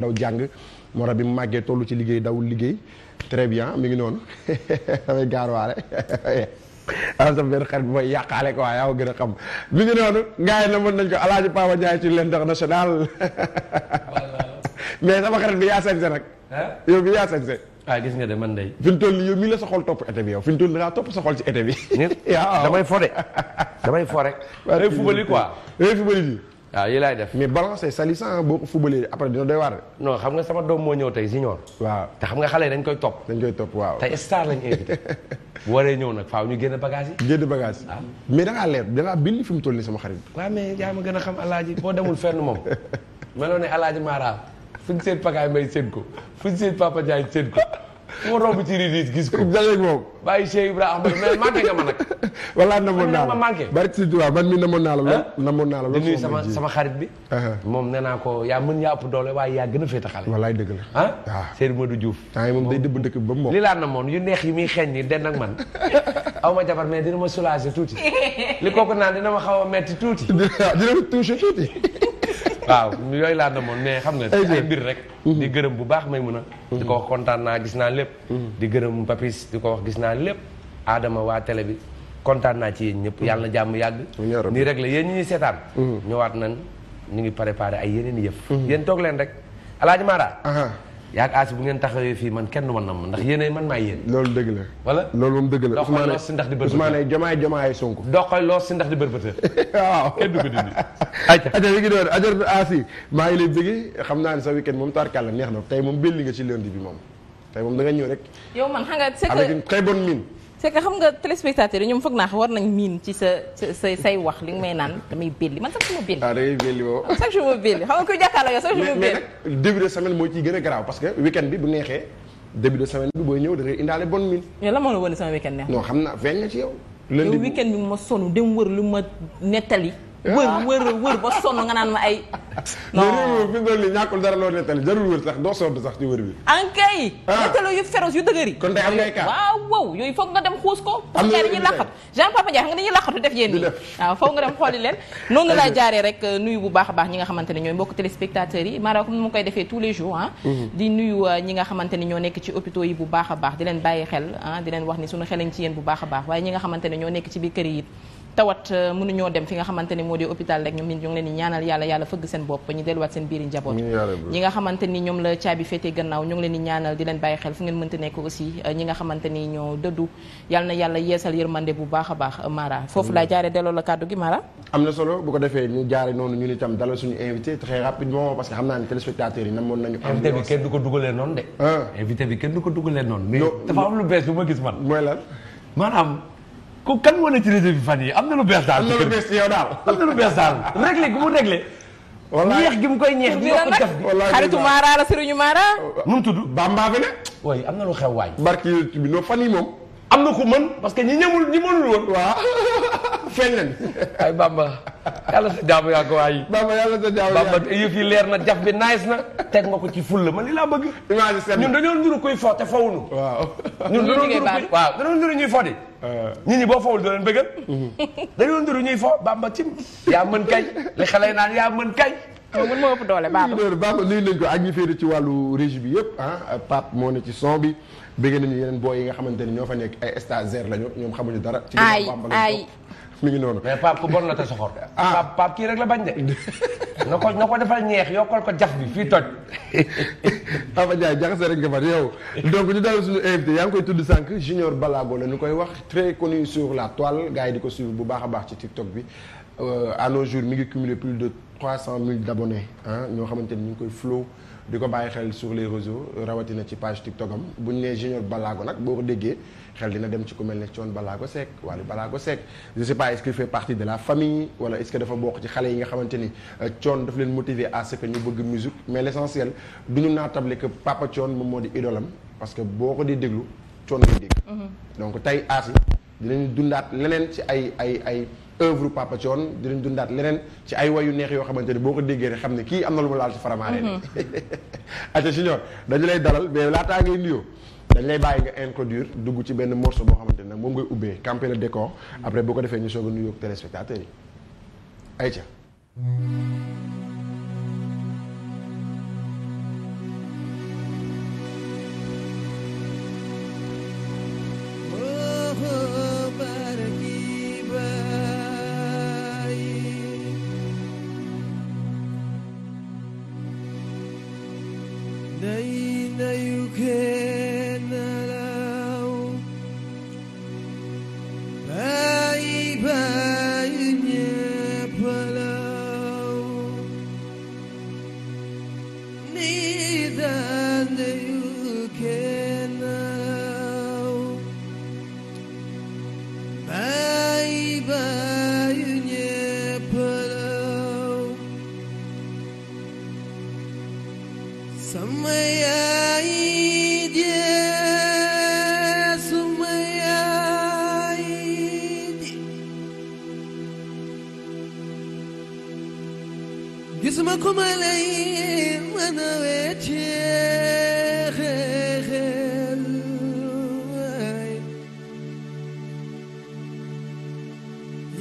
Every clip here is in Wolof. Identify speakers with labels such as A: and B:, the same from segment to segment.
A: daw jàng moo tax bi mu màggee tollu ci liggéey daw liggéey très bien mi ngi noonu damay gaarwaale am sa benn xarit mooy yàqaale ko waaye yaa gën a xam mu ngi noonu gars na mën nañ ko alaaji Papa Ndiaye ci l'international mais sama xarit bi yaa sañse nag yow bi yaa sañse
B: ah gis nga de man day
A: fi mu toll nii yow mii la sa xol topp été bi yow fi mu toll nii daa topp sa xol ci été bi. damay fo damay fo rek. waaw day fubali quoi
B: day fubali ji. waaw ah, yi laay def mais ballon sa salissant boo ko fubalee après dina doy waar non xam nga sama doom moo ñëw tey junior waaw te xam nga xale yi dañ koy topp dañ koy topp waaw tey star lañ invité bu waree ñëw nag faaw ñu génn bagage yi génn bagage yi ah. mais da ngaa leer da ngaa bind fi mu toll nii sama xarit waaw mais yaa ma gën a xam alaaji boo demul fenn moom meloo ne alaaji Mara fu ñu seen pagaay may seen ko fu ñu seen Papa Ndiaye ko fu ma romb ci gis ko. dajeeg moom. bàyyi Cheikh Ibrahima mais manqué nga ma naa la manqué. bari ci tubaab man mi namoon naa la lool. namoon naa la lool di nuyu sama sama bi. Uh-huh. moom nee naa ko yaa mën yaa ëpp doole waaye yaa gën a féete xale. wallaay dëgg la ah. waaw ah. Seydou Modou Diouf. temps ah, moom day dëbb dëkk bi ba mu moom. li laa namoon yu neex yi muy xeeñ nii den ak man aw ma jabar mais dina ma soulager tuuti li kooku naan dina ma xaw a metti tuuti. dina ma touché tuuti. waaw yooyu laa demoon mais xam nga si ay mbir rek mhm. di gërëm bu baax may mun a di ko wax kontaan naa gis naa lépp mhm. di gërëm papis di ko wax gis naa lépp aadama waa tele bi kontaan naa ci yéen ñëpp mhm. yàlla na jàmm yàgg nii rek la yéen ñi ñuy seetaan ñëwaat nan ñu ngi préparé ay yeneen yëf yéen toog leen rek alaaji Mara yaag aas bu ngeen taxawee fii man kenn du ma namm ndax yéenay man maa yéen loolu dëgg la wala loolu moom dëgg la doxal loos si ndax di bërbëtë Ousmane jomaay jomaay Sonko doxal loos si ndax di bërbëtë
A: waaw kenn du ko dindi aca aca mi ngi doon ajar aas yi maa ngi lay bëgg xam naa ne sa week-end moom tarkalla neex na tey moom belli nga ci lundi bi moom tey moom da nga ñëw rek
C: yow man xam nga c'est que avec une très bonne mine c'est xam nga téléspectateurs yi ñoom foog naa xam war nañ miin ci sa sa say wax li nga may naan damay belli man sax su ma belli. ah
A: dangay belli woo. Ah,
C: sax su ma belli
A: gën a garaaw parce que week-end bi bu neexee début de semaine bi booy ñëw da ngay indaale bonne mine.
C: yow la moo la sama week neex. non xam naa feeñ na ci yow. yow week-end bi ma sonn dem wër lu ma nettali wër wër wër ba sonn nga naan ma ay.
A: non fi mu li ñàkkul dara loo nettali jarul wër sax doo sonn sax ci wër bi.
C: ankay. Ah, ah. nettali
A: yu féroce yu dëgër yi.
C: waaw yooyu foog nga dem xuus ko. am na dañuy laqatu Jean Papa Ndiaye xam nga dañuy laqatu def yéen ñi. waaw foog nga dem xooli leen. noonu laa jaaree rek euh, nuyu bu baax a baax ñi nga xamante koy defee les jours ah. di nuyu euh, ñi nga xamante ne ñoo nekk ci hôpitaux yi bu baax a baax di leen bàyyi xel ah di leen wax ni suñu xelañ ci yéen bu baax a baax waaye ñi nga xamante ne ñoo nekk ci biir kër yi tawat euh, mënuñoo dem fi nga xamante ni moo di hôpital rek ñoom nit ngi leen ñaanal yàlla yàlla fëgg seen bopp ñu delluwaat seen biiri njaboot ñi nga xamante ñoom la caabi féete gannaaw ñu ngi leen di ñaanal di leen bàyyi xel fu ngeen mënta nekk aussi euh, ñi nga xamante ñoo dëddu yàlla na yàlla yeesal yërmande bu baax a baax euh, Mara foofu laa jaare delloo la kàddu gi Mara
A: am na solo bu ko defee ñu jaare noonu ñu itam dalal suñu invité très rapidement parce
B: ku kan moo ne ci réseau bi fan yi am na lu bees daal. am na lu bees yow daal am na lu bees daal. réglé gu mu réglé. wallaay ñeex gi mu koy ñeex. di ko def wallaay xaritu Mara
C: la sëriñu Mara.
B: nu mu tudd Bamba bi ne. waaye am na lu xew waay. barki bi noo fan yi moom. am na ku mën parce que ñi ñëwul ñi mënul woon. waaw feeñ leen. ay Bamba yàlla sa jaamu yaa ko waayi. Bamba yàlla sa jaamu yi leer na jaf bi nice na. teg nga ko ci fulla man li laa bëgg. ñun dañoo nuru kuy fo te fawunu. waaw ñun dañoo nuru kuy waaw ñuy fo di. Euh. nit ñi boo fawul doo leen bëggal. dañoo nuru ñuy fo Bamba ci. yaa mën kay li xale naan yaa mën kay. waaw mën moo Bamba. Bamba nuyu ko ak ñi féere
A: ci wàllu régie bi yëpp ah Pape moo ne ci son bi bëgg nañu yeneen booy yi nga xamante ni ñoo fa nekk
B: ay stagiaires lañu ñoom xamuñu dara.
A: ci
C: ay ay
B: mi ngi noonu. mais Pape ku bon la te soxor. ah Pape Pape kii rek la bañ de. na ko na ko defal ñeex yokkal ko jaf bi fii toj. Papa Ndiaye jaxase rek nga far yow donc ñu daal suñu invité yaa ngi koy tudd sànq Junior
A: Balago la ñu koy wax très connu la toile gars yi di ko suivre bu baax a baax ci TikTok bi euh, à nos jours mi ngi cumulé plus de 300 000 d' abonnés ñoo xamante ni ñu ngi koy flow. di ko bàyyi xel sur les réseaux rawatina ci page TikTok am bu ñu nee Junior Balago nag boo ko déggee xel dina dem ci ku mel ne Thione Balago Seck Wally Balago Seck je sais pas est fait partie de la famille wala est dafa bokk ci xale yi nga xamante ni euh, Thione daf leen motiver à ce que bëgg musique mais l'essentiel du ñu naatable que papa Thione moom moo di idolam parce que boo ko di déglu Thione ngay dégg mhm. donc tey aas dinañu dundaat leneen ci ay ay ay œuvre Papa Thione dinañ dundaat leneen ci ay wayu neex yoo xamante ne boo ko déggee rek xam ne kii am na lu mu laal ci faramaareen mm-hmm. aca junior dañu lay dalal mais laataa ngay nuyoo dañ lay bàyyi nga introduire dugg ci benn morceau boo xamante ne nag moom ngay ubbee camper le décor mm-hmm. après boo ko defee ñu soog a nuyoo téléspectateurs yi ayca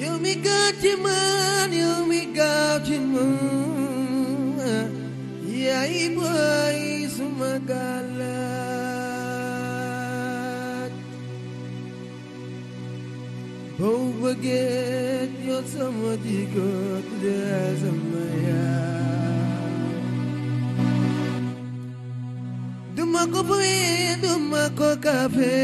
D: yow mi gaaw ci yow mi gaaw ci man yaay booy suma gàllaaj boo bëggee yow sama jikko dee sama yaay duma ko boye duma ko kafe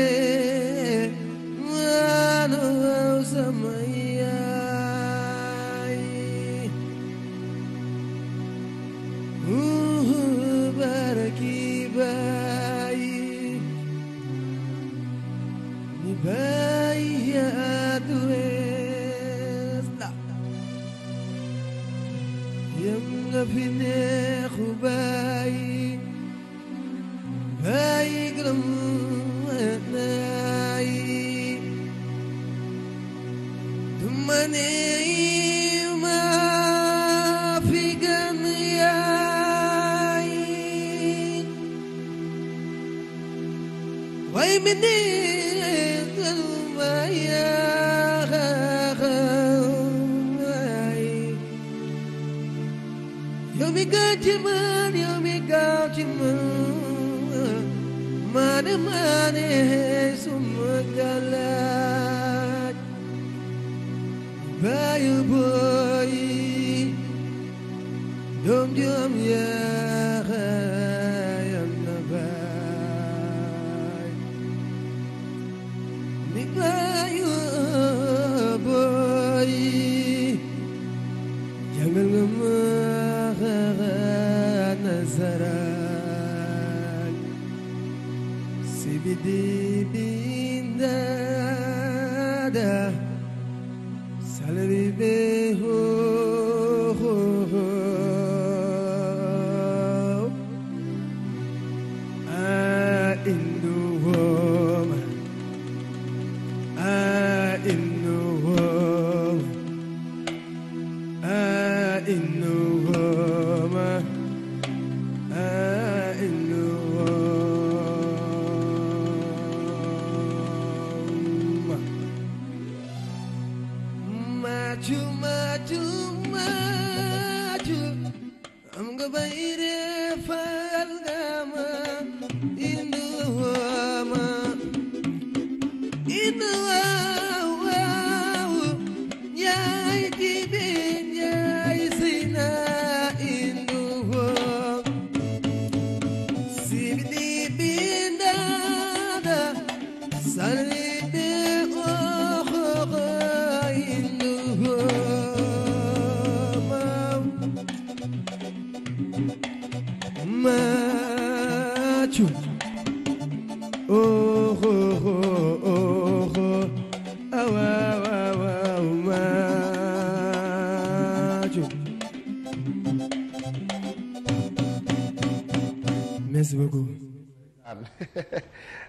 D: Him. gën ci man yow mi gaaw ci man maane maane suma galaaj baayu booy doom joom yaa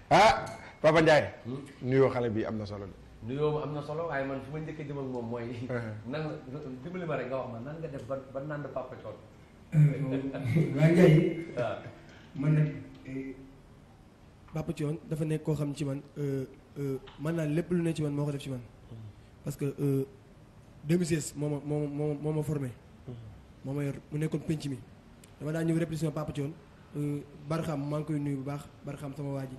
B: ah Papa Ndiaye.
A: Hmm? nuyoo xale bi
B: am na solo de. nuyoo bu am na solo waaye man fu ma njëkk a jëm ak mooy. Uh-huh. nan la dimbali ma rek nga wax ma nan nga def ba ba naan Papa Thione. waaw Ndiaye. waaw man nag eh,
E: Papa Thione dafa nekk koo xam ci man euh, euh, man naa lépp lu ne ci man moo ko def ci man. Hmm. parce que 2016 euh, moo ma moo ma moo ma formé. Hmm. moo ma yor mu nekkoon penc mi dama daa ñëw répétition Papa Thione. Euh, barxam maa ngi koy nuyu bu baax barxam sama waa ji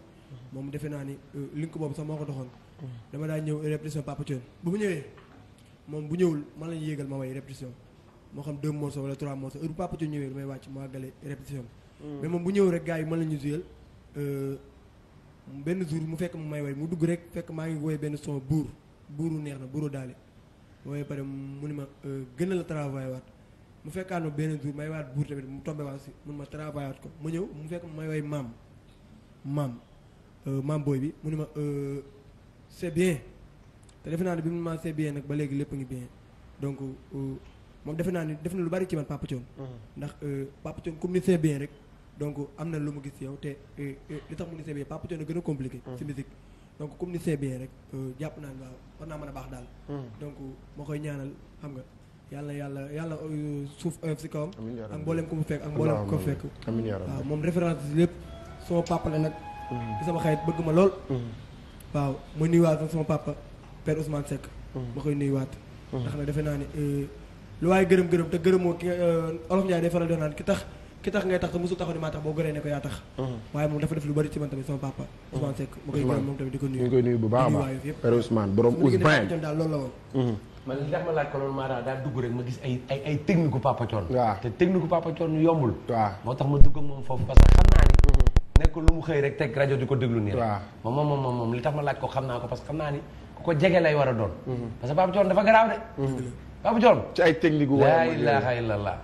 E: moom defe naa ni euh, link boobu sax moo ko doxoon dama daa ñëw répétition Papa Thione bu mu ñëwee moom bu ñëwul man la ñuy yéegal ma way répétition moo xam deux morceaux wala trois morceaux heure bu Papa Thione ñëwee damay wàcc ma àggale répétition hmm. mais moom bu ñëw rek gars yi man la ñu juyal euh, benn jour mu fekk ma may way mu dugg rek fekk maa ngi woy benn son buur buuru neex na buuru daale wooye pare mu ni ma gën la travail waat mu fekkaat ma benn jour may waat buur tamit mu tombé waat si mun ma travaillé ko ma ñëw mu fekk may way maam maam euh, maam booy bi mu ne ma euh, c'est bien te defe naa ne bi mu ma c'est bien nag ba léegi lépp ngi bien donc euh, moom defe naa ni def na lu bari ci man Papa Thione mhm. ndax Papa Thione comme ni c'est bien rek donc am na lu mu gis yow te li tax mu ni c'est bien Papa Thione a gën a compliqué si mhm. musique donc comme ni c'est rek jàpp naa nga waaw war naa mën a baax daal mhm. donc moo koy ñaanal xam nga yàlla yàlla yàlla suuf oyof si kawam. ak mboolem ko mu fekk ak mboolem ku ko fekk. waaw moom référence bi lépp sama papa nag. di mm-hmm. sama xarit bëgg ma lool. Mm-hmm. waaw ma nuyuwaat nag sama papa Père Ousmane Seck. Mm-hmm. ma koy nuyuwaat. ndax nag defe naa ne euh, lu waaye gërëm gërëm te gërëmoo ki euh, Olof Ndiaye day tax ki tax ngay tax te mosul taxaw ni maa tax boo gëree ko def lu bari ci man tamit sama papa. Ousmane Seck bu baax a baax Père
A: Ousmane borom daal loolu la
B: woon man li tax ma laaj ko loolu maanaam daa dugg rek ma gis ay ay ay technique Papa Thione. waaw te technique gu Papa Thione yombul. waaw moo tax ma dugg moom foofu parce que xam naa ni. Mhm. nekkul lu mu xëy rek teg rajo di ko déglu nii rek. waaw moom moom moom li tax ma laaj ko xam naa ko parce que xam naa ni ku ko jege lay war a doon. Mhm. parce que Papa Thione dafa garaaw de. Mhm. Papa Thione. ci ay technique gu. waaw la ilaha illallah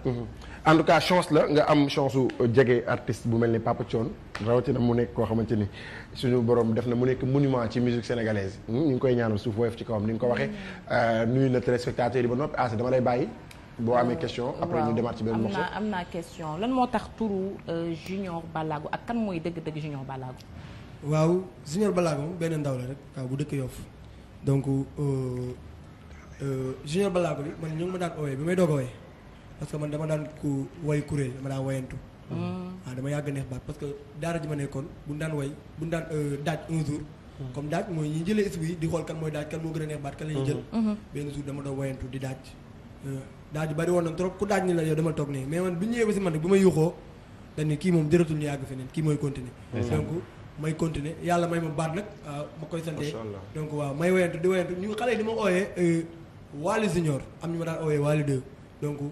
A: en tout cas chance la nga am chance su euh, jege artiste bu mel ni Papa Thione rawatina mu nekk koo xamante ni suñu borom def na mu nekk monument ci musique sénégalaise hmm, ñu ngi koy ñaanal suuf woyof ci kawam ni nga ko waxee euh, nuyu na téléspectateurs yi ba noppi ah dama lay bàyyi. boo amee question
E: ah, après ñu demaat ci benn am naa
C: am lan moo tax turu euh, Junior Balago ak kan mooy dëgg-dëgg Junior Balago.
E: waaw Junior Balago benn ndaw la rek waaw bu dëkk Yoff donc Junior Balago bi man ñu ngi ma daan ooyee may doog parce que man dama daan ku way kuréel dama daan wayantu. waaw mm. ah, dama yàgg neex baat parce que daara ji ma nekkoon buñ daan way buñ daan euh, daaj un mm. comme daaj mooy ñi jëlee esprit yi di xool kan mooy daaj kan moo gën a neex baat kan la ñuy mm-hmm. jël. Mm-hmm. benn jour dama doon wayantu di daaj. Euh, daaj bari woon trop ku daaj ni la yow dama toog mais man bu ma yuuxoo dañ kii moom jëratul ñu yàgg feneen kii mooy continuer. donc may continuer yàlla may ma baat nag ah, ma koy sante donc waaw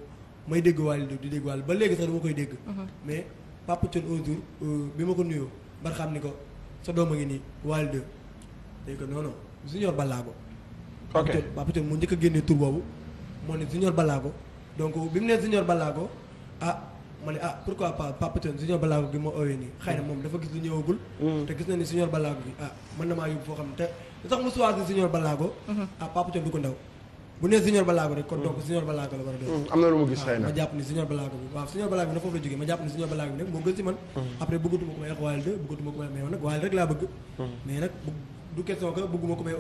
E: may dégg Wally Diouf di dégg Wally ba léegi sax dama koy dégg. Mhm. mais Papa Thione un jour euh, bi ma ko nuyoo bar xam ni ko sa doom a ngi nii Wally Diouf dañ ko non non Junior Balago. ok Papa Thione njëkk a génnee tur boobu moo ne Junior Balago donc bi mu nee Junior Balago ah. ma ne ah pourquoi pas Papa Thione Junior Balago gi ma oowee nii xëy na moom dafa gis lu ñëwagul. Mm. te gis na ni Junior Balago bi ah mën na maa yóbbu foo xam ne te sax mu choisir Junior Balago. Mhm. Ah, bu nee Junior Balago rek kon donc Junior Balago la war a doon mm, am na lu mu gis xëy ma jàpp ni Junior Balago bi waaw gën ci man mm. après bëggatuma ko may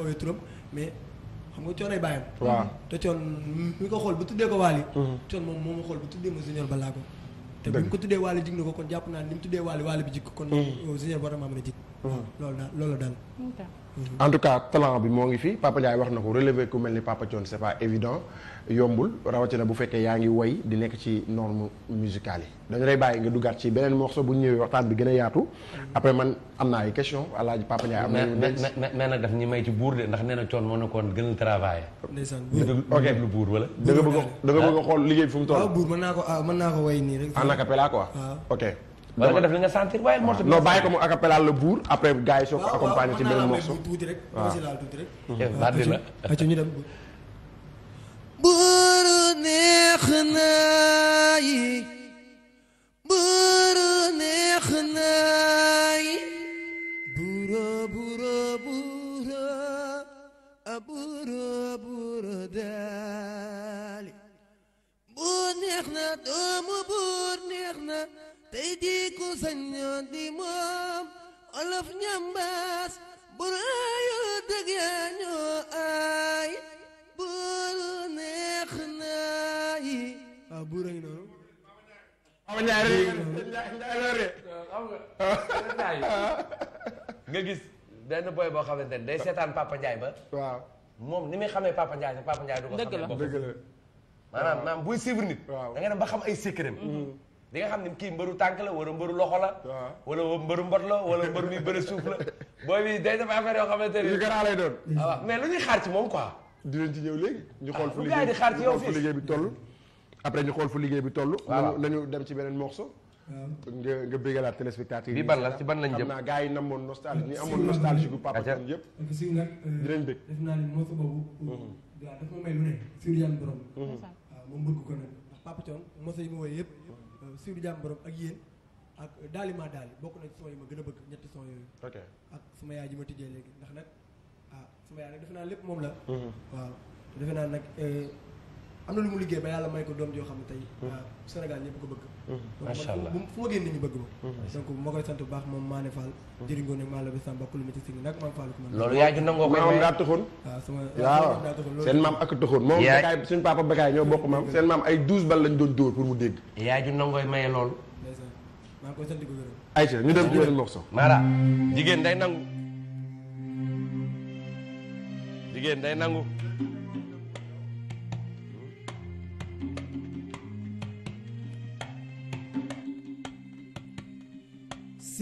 E: wax mais xam nga coonay bàyyam te coon mi ko xool bu tuddee ko Waly mm. coon moom moo ma xool bu tuddee ma Junior Balago te bu ñu ko tuddee Waly jig na ko kon jàpp naa ni mu tuddee Waly Waly bi jik ko kon Junior war a maa mën a jik loolu daal loolu daal
F: en
A: tout cas talent bi moo ngi fii Papa Ndiaye wax na ko relever ku mel ni Papa Thione c'est pas évident yombul rawatina bu fekkee yaa ngi woy di nekk ci norme musicale yi dañu lay bàyyi nga duggaat ci beneen morceau bu ñëwee waxtaan bi gën a yaatu après man am na ay question alaaji Papa Ndiaye am na nee
B: na daf ñi may ci buur de ndax nee na Thione moo na koon gën a ok lu buur wala da nga bëgg
E: da
A: xool liggéey bi fu mu toll ah, buur mën naa ko ah, mën naa ko way nii rek
B: en acapella quoi ah. ok wala nga def li nga sentir waaye ah. morceau
A: bi. non bàyyi ko mu acapella la buur après gars yi soo ko accompagné ci beneen morceau. tuuti rek ah. laal
D: tuuti rek. bardi la acca ñu dem. buuru neex naa yi buuru neex naa yi buuru buuru buuru a buuru buuru daali buur neex na doomu buur neex na tey jii ku sañoon di moom olof ñambaas bur ayu dëgg yaa ñoo aay bur neex naa yi waaw buur a ngi noonu
B: nga gis benn boy boo xamante ne day seetaan Papa Ndiaye ba waaw moom ni muy xamee Papa Ndiaye sax Papa Ndiaye du ko xamee dëgg la maanaam maanaam buy suivre da nga dem ba xam di nga xam ne kii mbaru tànk la wala mbëru loxo la. Ah. wala mbëru mbot la wala mbëru muy bëre suuf la booy day def affaire yoo xamante ne. yu gën lay doon. Ah mais lu ñuy xaar ci moom ñu ah,
F: xool fu liggéey di xaar ci yow ñu xool
A: fu liggéey bi toll. waaw nañu dem ci beneen morceau. nga nga bégalaat téléspectateur yi. bi ban la ci ban lañ jëm xam naa gars yi namoon nostalgie ñi amoon nostalgie bu yëpp. si nag euh,
E: dinañ bég. def naa ne morceau boobu. Mhm. waaw mhm. bëgg yëpp siiru jaam boroom ak yéen ak daali maa daali bokk na ci son yi ma gën a bëgg ñetti son yooyu. ok ak sama yaay ji ma tijjee léegi ndax nag ah sama yaay nag defe naa lépp moom la. Mhm. waaw defe naa nag. Eh, am na lu mu liggéey ba yàlla may ko doom yoo xam ne tey hmm. ah, Sénégal ñëpp ko bëgg hmm. macha allah fu ma ñu bëgg ma hmm. donc ma koy sant bu baax moom Mané Fall jëringoo maa la bis sàmba kulu ma ci si ngi nag maam Fall ko man loolu yaa ju nangoo ko maam daa taxoon waaw
A: ah, sama waaw daa taxoon seen maam ak taxoon moom bokk maam seen maam ay douze bal lañ doon dóor pour mu dégg
B: yaa ju nangooy maye loolu maa ngi koy sant ko gërëm Aïcha ñu dem ci beneen morceau maara jigéen day nangu jigéen day nangu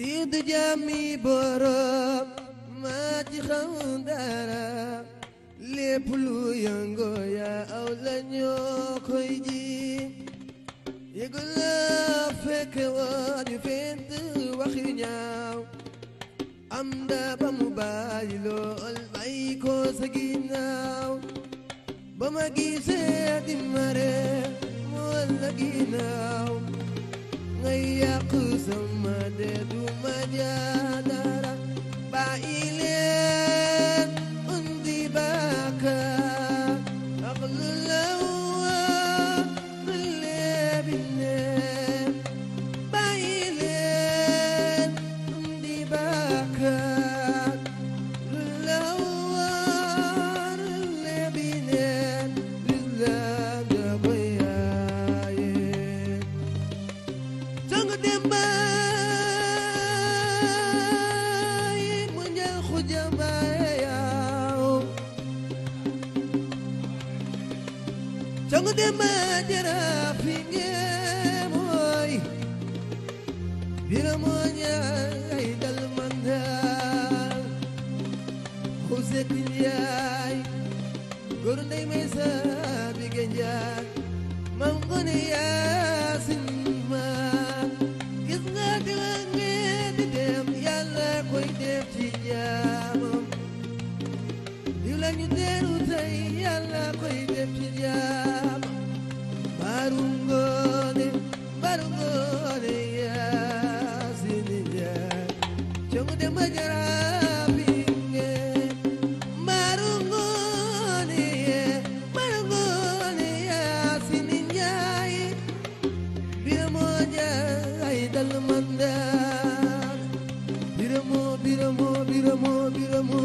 D: Sidi Jami borom maa ci xam dara lépp lu yëngo aw la ñoo koy ji yëgu fekk woon yu wax yu ñaaw am da ba mu bàyyi lool bàyyi ko sa ginnaaw ba ma gisee di mare moo la ginnaaw ngay yàq sama dedu ma jaadara ba ile dema jara finge moy biramonya ay dal manda hosetin yaay gor nay mesa bigenja mangone yaay biramo biramo biramo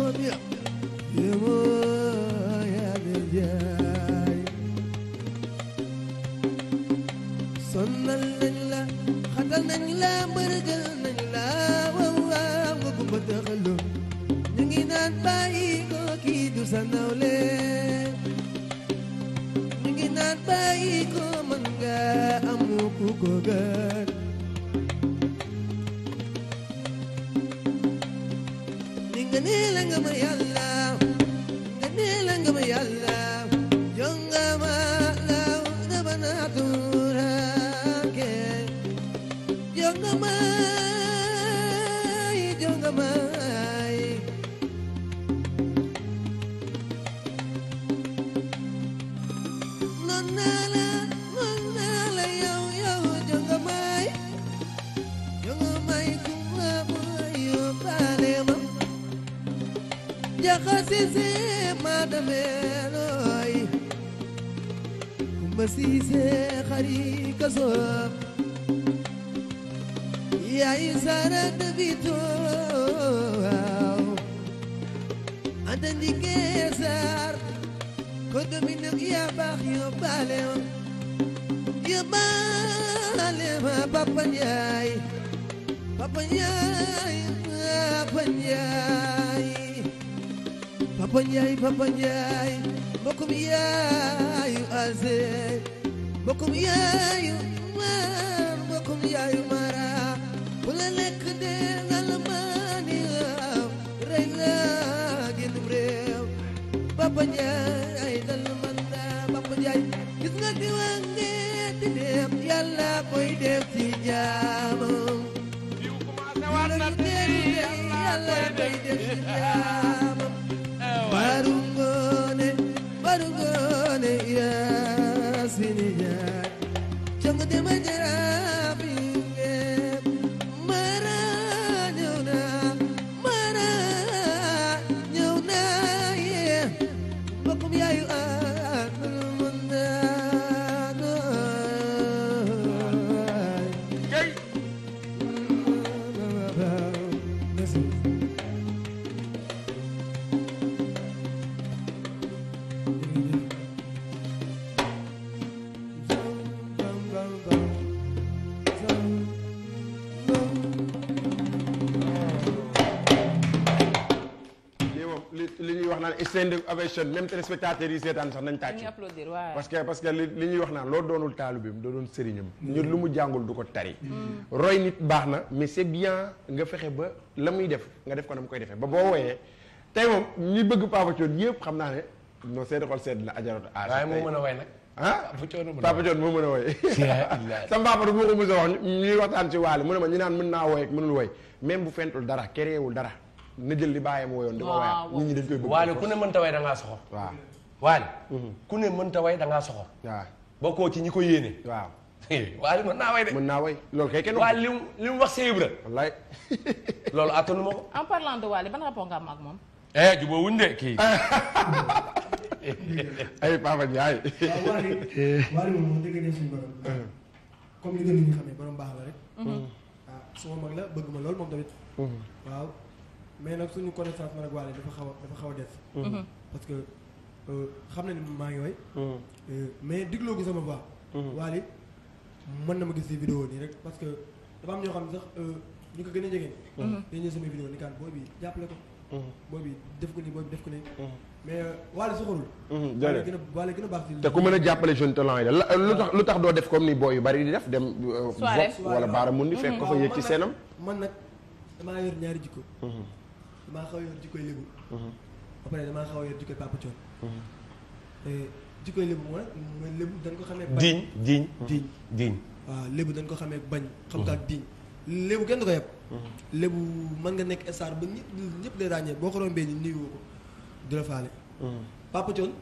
D: biramo yàlla jaay sonnal nañ la xatal nañ la mbërgal nañ la waaw waaw nga gumba taxaloo ñu ngi kii du sa nawle ñu ngi naan bàyyi ko ku ko gën nga ma yàlla nga ma yàlla Masise madameloy Masise xari kaso yaay sara dabito anta ndike sar ko domino ya bax yo bale yo bale ma papa nyaay papa nyaay papa nyaay Papa Ndiaye Papa Ndiaye mbokkum yaayu alse mbokkum yaayu maar mbokkum yaayu mara bu la lekk dee nga la maani waaw rey la génnum réew Papa Ndiaye dal man naa Papa Ndiaye gis nga di wàngee di dem yàlla koy def ci jaamam yàlla koy def ci jaamam Barugone ya sinija Chongo de majara
A: naan standing ovation même téléspectateurs yi seetaan sax nañ tàcc parce que li ñuy wax naan loolu doonul taalibeem da doon sëriñam ñu lu mu jàngul du ko tari mm. roy nit baax na mais c'est bien nga fexe ba la muy def nga def ko na mu koy defee ba boo wooyee tey moom ñi bëgg Papa Thione yëpp xam naa ne non seeti xol seet na ajaratu aar waaye moo mën a way
B: nag ah Papa Thione
A: moo mën a woy sama papa moo ko mos a wax ñuy waxtaan ci waale mu ne ma ñu naan mën naa woy ak mënul na jël li bàyyam woyoon di ko wayaat nit ñi dañ koy bëgg waale ku
B: mënta way da ngaa soxor mhm. ci ñi ko yéene waaw waale mën naa way de naa way loolu wax sa loolu attanu ma ko
C: en parlant de ak moom
B: eh jubóo wuñ de kii ay Papa Ndiaye
C: waaw
E: waaw ma loolu waaw mais nag suñu connaissance man ak Wally dafa xaw a dafa xaw a des. Mhm. parce que euh, xam na ni maa ngi way. Mhm. Euh, mais digloo gu sama voix. Mhm. Wally mën na ma gis si vidéo nii rek parce que dafa am ñoo xam ne sax euh, ñu ko gën a jege. dañu ñëw sama vidéo ni kaan bi jàppale ko. booy bi def ko nii booy bi def ko nii. mais
A: Wally soxorul. jërëjëf a Wally a baax te ku mën a jàppale jeune talent yi la lu tax lu tax doo def comme ni booy yu bari di def dem. soirée wala baara mun di fekk ko fa yëg ci seenam. man nag damaa yor ñaari jikko.
E: damaa xaw a yor jikkoy lébu. Mhm. ba damaa xaw a yor jikkoy Papa Thione. Mhm. jikkoy lébu mooy mooy lébu dañ ko xamee. bañ diñ diñ diñ diñ. lébu dañ ko xamee bañ. xam nga ak diñ lébu kenn du ko yeb. Mhm. lébu man nga nekk star ba ñëpp ñëpp ràññee boo ko rombee nii nuyu ko du la faale. Papa Thione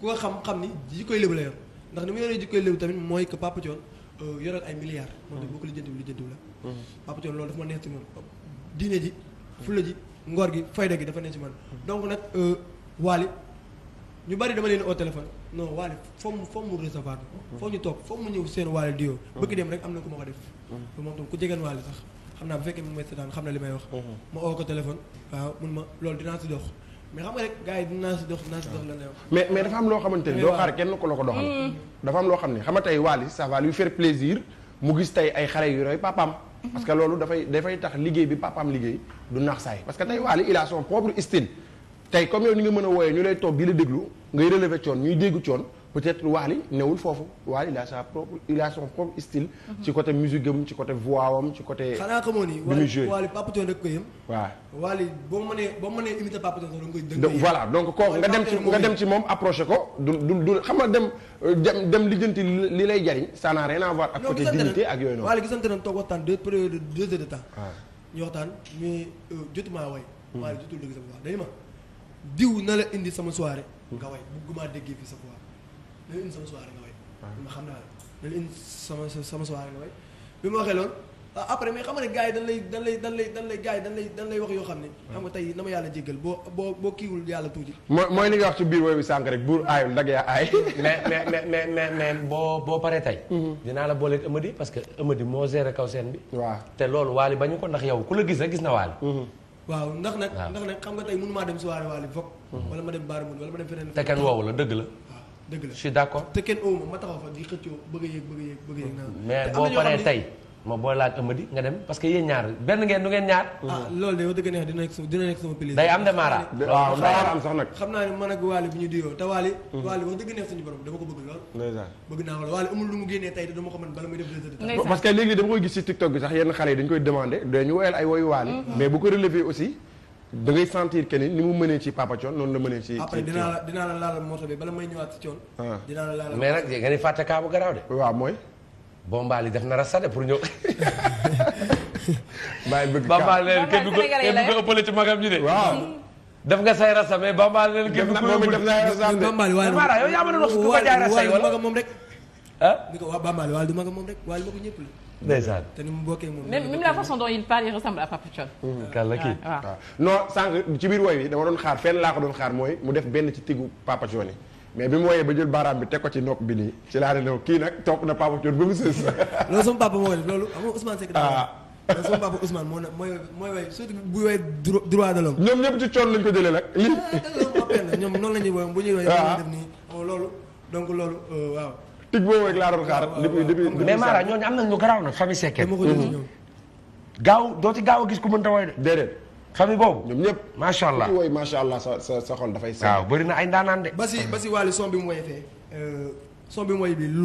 E: ku ko xam xam ni jikkoy lébu la yor ndax ni mu yoree jikkoy lébu tamit mooy que Papa Thione euh, yoral ay milliards. moom tamit boo ko lijjantiwul lijjantiwul la. Papa Thione loolu dafa ma neex ci moom diine ji. fulla ji ngoor gi fayda gi dafa ne si man donc nag euh, Waly ñu bari dama leen au téléphone non Waly foog mu foog mu recevoir foog ñu toog foog mu ñëw seen Waly Dio bëgg dem rek am na ku ma ko def mm-hmm. moom tam ku jegeen Waly sax xam naa bu fekkee mu may seetaan xam na li may wax mm-hmm. ma oo ko téléphone waaw mun ma loolu dinaa si dox mais xam nga rek gars yi dinaa si dox dinaa si dox la ne wax
A: mais mais dafa am loo xamante ni doo xaar kenn ko la ko doxal mm. dafa am loo xam ne xam nga tey Waly ça va lui faire plaisir mu gis tey ay xale yu roy papaam parce que loolu dafay dafay tax liggéey bi papaam liggéey du naax saay parce que tey Wally il a son propre style tey comme yow ni nga mën a wooyee ñu lay toog di la déglu ngay relever coon ñuy déggu coon peut-être Wally newul foofu Wally il a sa propre il a propre style. ci côté musique am ci côté voix am ci côté. xanaa xamoo ni Wally Wally
E: Pape rek ko yem.
A: waaw Wally
E: boo mënee boo mënee imiter Pape Thione da nga koy. da voilà donc kooku nga dem ci nga dem ci
A: moom approché ko du du du xam li lay jariñ ça n'a rien à voir ak côté dignité ak yooyu noonu. Wally gisante nañ toog waxtaan deux périodes de deux temps.
E: ñu waxtaan mais euh, jotuma na la indi sama soirée. Hmm. nga sa voix na indi sama soirée nga way ma ah. xam naa na indi sama sama soirée nga way bi ma waxee ah, après mais xam nga ne gars yi lay dañ lay dañ lay dañ yi dañ lay dañ lay wax yoo xam ne ah. xam nga tey na ma yàlla jéggal boo boo boo kiiwul yàlla tuuti
D: mooy
B: mooy li nga wax ci biir wooy bi sànq rek boo boo paree tey mm-hmm. dinaa la booleeg Amady parce que Amady moo géré kaw bi waaw te loolu waali bañu ko ndax yow ku la gis rek gis na waali mm-hmm. waaw ndax nag
E: ndax nag xam nga tey mënu maa dem soirée waali bi fokk wala ma dem baara mun wala ma dem feneen te kenn woowu la
B: dëgg la dëgg la je suis d'accord
E: te kenn ëw ma ma taxaw fa di xëccoo bëgg a yéeg bëgg a yéeg a mais boo paree tey
B: ma boo laaj ëmadi nga dem parce que xam naa
E: ne man ak Waly bi ñu duyoo te Waly. Hmm. Waly wax dëgg neex suñu borom dama ko bëgg lool.
A: ndeysaan
E: naa ko Waly amul lu mu génnee tey dama ko mën bala muy def parce que
A: léegi dama koy gis ci TikTok bi sax yenn xale yi dañ koy demandé dañu woyal ay woyu Waly hmm. mais bu ko relever aussi dangay ngay sentir que ni ni mu mënee ci Papa Thione noonu la mënee ci. après dinaa la
E: dinaa la laal moto bi bala may ñëwaat ci Thione.
B: Ah.
A: dinaa la laal
B: mais kaa bu garaaw de. waaw mooy. Bombali def na rasta de pour ñëw. maa ngi bëgg kaa Bambal leen kenn du ko kenn ci magam ñi de. waaw def nga say rasta mais Bambal leen kenn de Bambal waaye moom magam moom rek. ah. ni
E: ko waa Bambal waaye du magam moom magam ñëpp la.
A: ndeysaan te ni mu bokkee moom.
E: même
C: la façon dont il parle il ressemble à Papa Thione.
A: Mmh, kàlla kii waaw ah. non sànq ci biir woy wi dama doon xaar fenn laa ko doon xaar mooy mu def benn ci tiggu Papa Thione yi mais bi mu wooyee ba jël baaraam bi teg ko ci nopp bi nii ci laa ne kii nag topp na Papa Thione ba mu sës. loolu sama papa moo def loolu xam nga Ousmane ah. moo na
E: mooy mooy woy surtout bu woy droit de l'homme. ñoom ñëpp ci coon lañ ah,
B: noonu la ñuy woy bu ñuy woy. waaw def
E: nii oh, loolu donc loolu euh, waaw. tig boobu rek laa doon xaar
B: depuis depuis. mais Mara ñooñu am nañ lu garaaw nag famille Seck. gaaw doo ci gaaw a gis ku mënta woy de. déedéet famille boobu. ñoom ñëpp macha ay ndaanaan de. ba si ba si
A: bi mu woy fee euh, son bi lu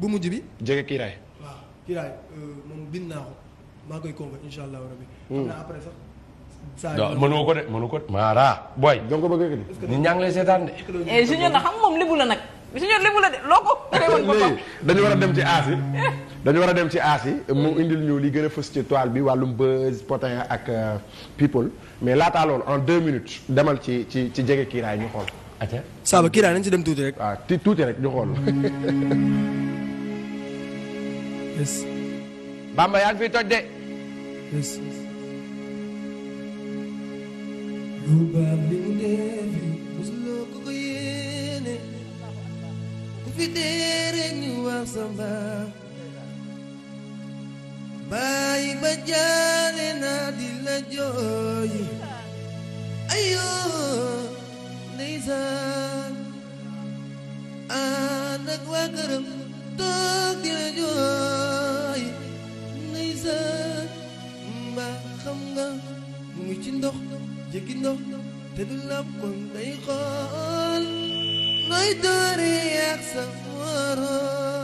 A: bu mujj
B: bi. jege kiiraay. waaw
E: kiiraay euh, moom bind naa ko maa koy convoqué incha allah hmm. de
C: eh, xam moom libu la nag. monsieur li mu la de loo ko.
B: léegi dañu war a
A: dem ci aas yi dañu war a dem ci aas yi mu indil ñu li gën a fës ci toile bi wàllum buzz potin ak euh, people mais laataa loolu en deux minutes demal ci ci ci jege kiiraay ñu xool. atiwaat Saba kiiraay nañ ci dem tuuti rek. waaw ah, tuuti rek ñu xool.
B: yes. Bamba yaa ngi toj de.
D: fi dee rek ñu wax samba bàyyi ba jaale di la jooy ayoo ndeysaan ànd ak waa këram toog di la jooy ndeysaan mbaa xam nga mu ngi ci ndox jéggi ndox te du lab kon day xool ngay dóoree ak sa
C: morom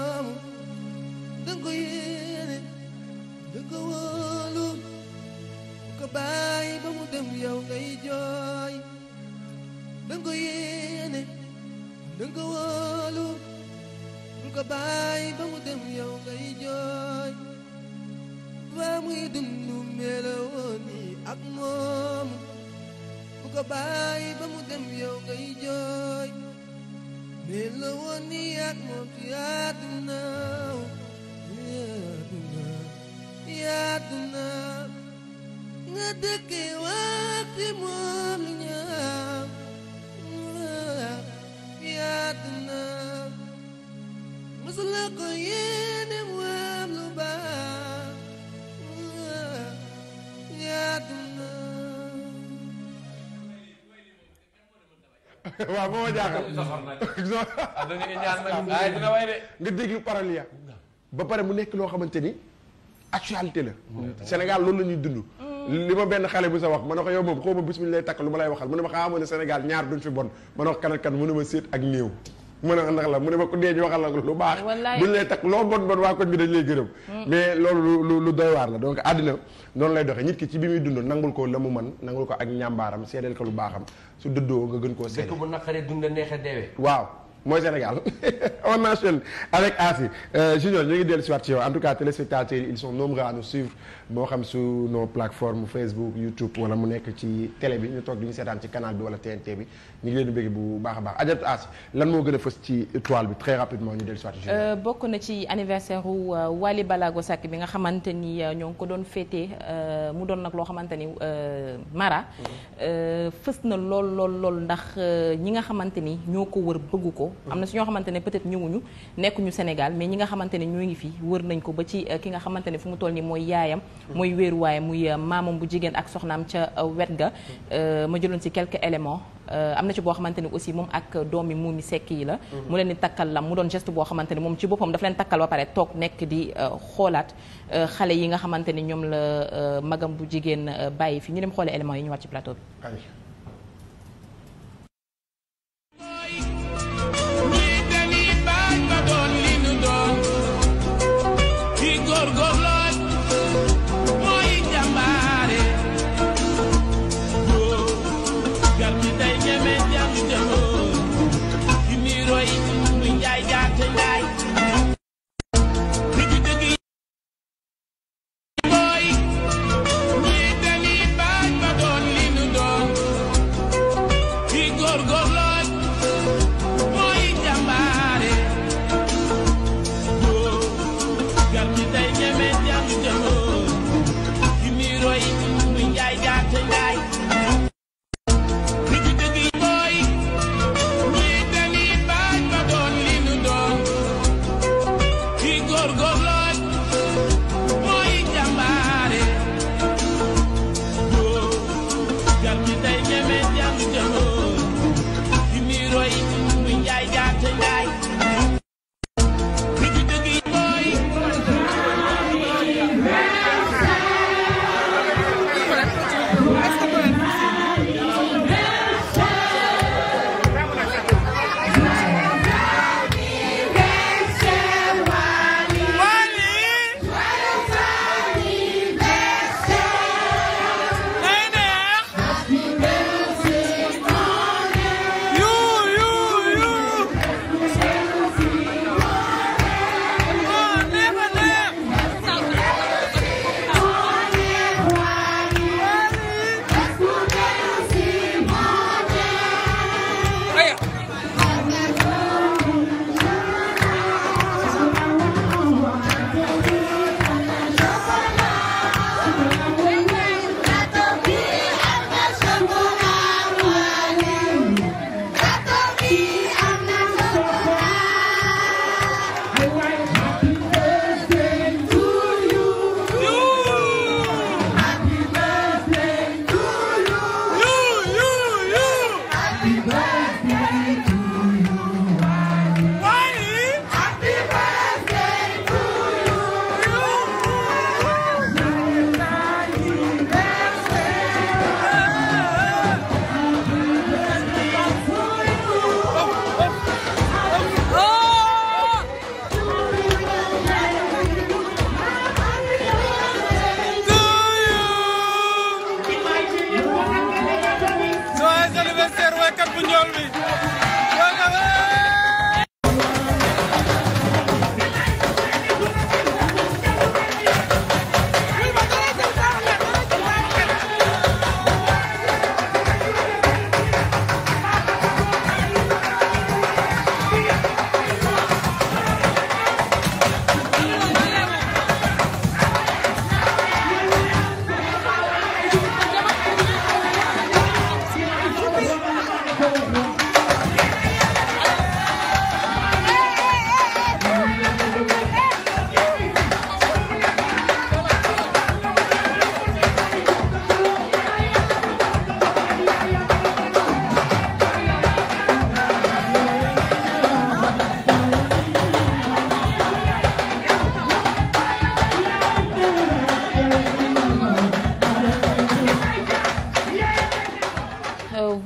B: waa ba ma jaaxal. Ah, ah, dina way de. nga déglu parole ya
A: ba pare mu nekk loo xamante ni actualité la. Sénégal loolu la ñuy dund. li ma benn xale bu sa wax ma a ko yow moom xaw ma bis mi takk lu ma lay waxal mu ne ma xamoo ne Sénégal ñaar duñ fi bon ma ne ko kan ak kan mu ne ma séet ak néew. mu ne ma la mu ne ma ku dee ñu waxal la lu baax. buñ lay takk loo bon bon waa koñ bi dañ lay gërëm. mais loolu lu lu doy waar la donc àddina noonu lay doxe nit ki ci bi muy dund nangul ko la mu mën nangul ko ak ñàmbaaram seedeel ko lu baaxam su dëddoo nga gën koo seedeel. dëkk
B: bu naqaree dund neexee deewee
A: waaw mooy Sénégal on enchaîne avec Asi euh, Junior ñu ngi dellu si ci yow en tout cas téléspectateurs yi ils sont nombreux à nous suivre moo xam su nos plateformes Facebook YouTube wala mu nekk ci télé bi ñu toog di ñu seetaan ci canal bi wala TNT bi ñu ngi leen bëgg bu baax a baax Adjaratou Asi lan moo gën a fës ci toile bi très rapidement ñu dellu si Junior.
C: Euh, bokk na ci anniversaire wu euh, Wally Balago Seck bi nga xamante ni ñoo ngi ko doon féete mu doon nag loo xamante ni Mara. Mm-hmm. fës na lool lool lool ndax ñi nga xamante ni ñoo ko bëgg ko. am na si ñoo xamante ne peut-être ñëwuñu nekkuñu Sénégal mais ñi nga xamante ne ñoo ngi fii wër nañ ko ba ci eh, ki nga xamante ne fu mu toll nii mooy yaayam mm-hmm. mooy wéeruwaayam muy eh, maamam bu jigéen ak soxnaam ca eh, wet ga mm-hmm. ma jëloon si quelque éléments am na ci boo xamante ne aussi moom ak doomi Momy Seck yi la mm-hmm. mu leen di takkal lam mu doon geste boo xamante ne moom ci boppam daf leen takkal ba pare toog nekk di xoolaat xale yi nga xamante ne ñoom la magam bu jigéen bàyyi fi ñu dem xoolee éléments yi ñu waat ci plateau góorgóorlu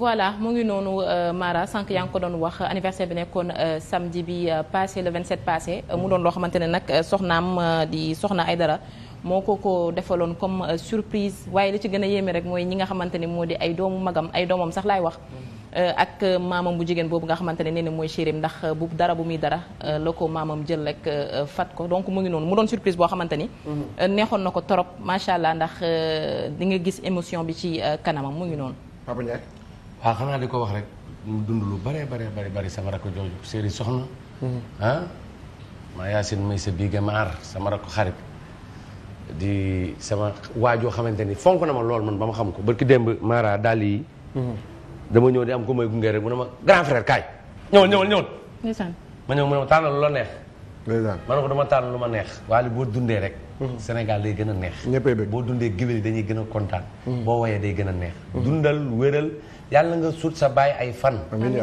C: voilà mu ngi noonu euh, Mara sànq yaa ngi ko doon wax anniversaire bi nekkoon euh, samedi bi euh, passé le 27 passé mu doon loo xamante ne nag soxnaam di soxna ay dara moo ko ko defaloon comme surprise waaye li ci gën a yéeme rek mooy ñi nga xamante ne moo di ay doomu magam ay doomam sax laay wax. ak maamam bu jigéen boobu nga xamante ne nee na mooy chérim ndax bu dara bu muy dara la ko maamam jël rek fat ko donc mu ngi noonu mu doon surprise boo xamante ni. Mm-hmm. neexoon na ko trop macha allah ndax di nga gis émotion bi ci kanamam mu ngi noonu.
B: waaw ah, xanaa di ko wax rek mu dund lu bare bare bare bëri sama rakk jooju séeri soxna hmm. ah maa yaasin may sa biige maar sama rakk xarit di sama waajoo xamante ni fonk na ma lool man ba ma xam ko barki démb maara daal yi hmm. dama ñëw di am ko may gunge rek mu ne ma grand frère kaay ñëwal ñëwal ñëwal ma ñëw mu ne ma lu la neex ma ne ko dama tànn lu ma neex waale boo dundee rek hmm. Sénégal day gën a neex boo dundee géwél yi dañuy gën kontaan boo woyee day gën a neex yàlla nga suut sa bàyyi ay fan.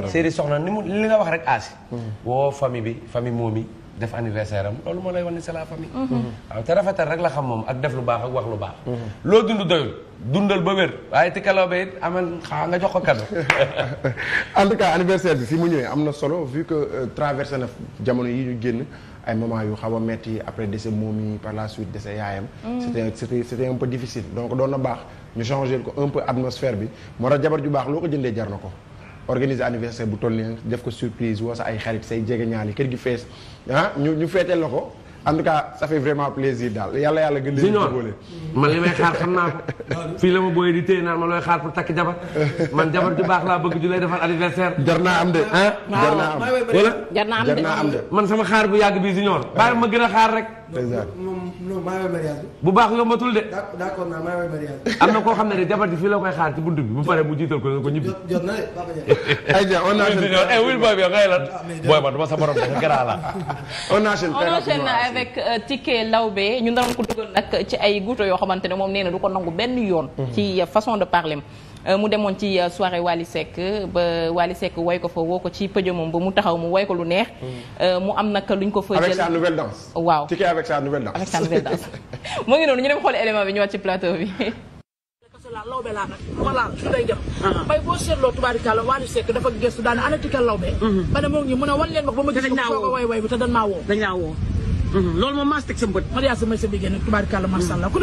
B: séeri soxna ni mu li nga wax rek aasi. Mm. woo famille bi famille moom yi def anniversaire am loolu moo lay wan ni c'est la mm-hmm. Mm-hmm. te rafetal rek la xam moom ak def lu baax ak wax lu baax. Mm-hmm. loo dund doyul dundal ba wér waaye ti kaloo ba xaa nga jox ko cadeau. en tout cas anniversaire
A: bi fi mu ñëwee am na solo vu que euh, traversé na jamono yi ñu génn. ay moment yu xaw a metti après décès moom yi par la suite décès yaayam. Mm. c'était c'était un peu difficile donc baax. ñu changé ko un peu atmosphère bi moo tax jabar ju baax loo ko jëndee jar na ko organiser anniversaire bu toll nii def ko surprise woo sa ay xarit say jegeñaal yi kër gi fees ah ñu ñu feeteel la ko en tout cas ça fait vraiment plaisir daal yàlla yàlla gën leen boole
F: man li may xaar xam naa
B: fii la ma booyee di téye naan ma looy xaar pour takk jabar man jabar ju baax laa bëgg ju lay defal anniversaire jar naa am de ah jar naa am wala jar de man sama xaar bu yàgg bii junior bàyyi ma gën a xaar rek non bu baax yombatul de. d' accord naa am na koo xam ne de jabar ji fii la koy xaar ci buntu bi bu pare mu jiital ko ko ñibbi. jot na de Papa Ndiaye. ay on enchaîne wul booy bi wul booy bi ngay lan. Ah, booy ba dama sa la. on
C: euh, ñu naroon ko dugal nag ci ay guuto yoo xamante ne moom nee na du ko nangu benn yoon. Mm-hmm. ci euh, façon de parler Euh, mu demoon ci euh, soirée Wally Seck ba Wally Seck woy ko fa woo ko ci pëjë ba mu taxaw mu woy ko lu neex. Mm. Euh, mu am nag luñ ko fa jël avec sa nouvelle danse. waaw ticket avec sa nouvelle danse. avec sa nouvelle danse mu ngi noonu ñu bi ñëwaat ci bi. laal
G: lawbe laa nag ma laal su day dem bay boo seetloo tubaarikàlla Wally Seck dafa gëstu daane ana tikal lawbe mm-hmm. ba moo ngi mën a wan leen ma ba ma gis ko te dañ maa woo Mhm. loolu moom maa si teg sa bët mariage sa may sa bigéen nag tubaarkàlla mhm. macha allah mhm.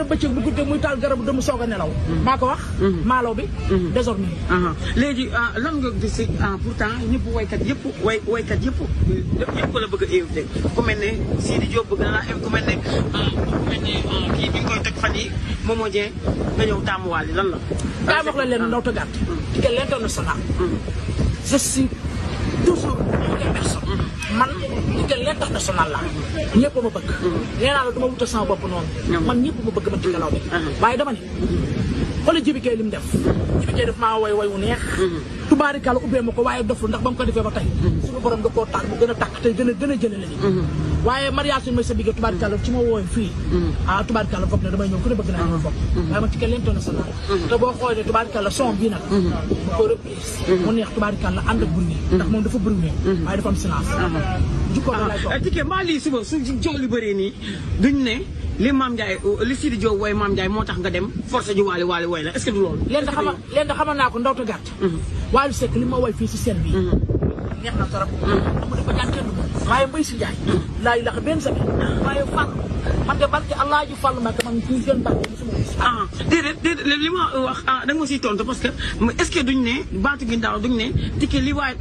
G: a bëccëg bu guddee garabu dëmm soog a nelaw maa ko wax maalaw bi désormais léegi ah, lan nga gis ah, pourtant ñëpp waykat yëpp way la bëgg a invité ku mel ne Sidi Diop bëgg na laa invité ku mel ne ah, ku lan la daa wax la leen ndaw tëggaat diggante l'international je suis toujours une personne. man Diggal l'international la ñëpp ma bëgg. nee naa la du ma wutal sama bopp noonu. man ñëpp ma bëgg ma diggalaw bi. Uh-huh. waaye dama ne. xoolal Jibi li mu def. Jibi Kay def maa woy woy wu neex. Uh-huh. tubaarikàlla ubbee ma ko waaye doful ndax ba mu ko defee ba tey. Uh-huh. suñu borom da koo taal mu gën a tàkk tey gën a gën a jëlee la waaye Maria Sine Moussa Bigué tubaarkàlla ci ma wooyee fii. Mm. ah tubaarkàlla foog ne damay ñëw ku ne bëgg naa ñëw mm-hmm. foog. Mm-hmm. waaye ma ci kenn leen toll sa laaj. Mm-hmm. te boo xoolee tubaarkàlla son bii nag. bu ko reprise. mu neex tubaarkàlla ànd ak ndax moom dafa bruit. waaye dafa am silence. jukkoon la laay toog ah Tické mbaa lii suba su jox li bëree nii duñ ne. li maam Ndiaye li Sidi Diop wooy maam Ndiaye moo tax nga dem forcé ju waale waale wooy la est-ce que du loolu. leen da xama naa ko ndaw te gàtt. waaye lu sekk fii si seen bi neex na trop. amul mm. dafa ñaan kenn ko. waaye Mbaye si Ndiaye. Mm. laay lax benn semaine. waaye Fall man de barke allah ji Fall ma man fii seen barke mosuma gis. ah déedéet déedéet li ma wax ah da nga ma siy tontu parce que est-ce que duñ ne baatu gi ndaw duñ ne tikki li waay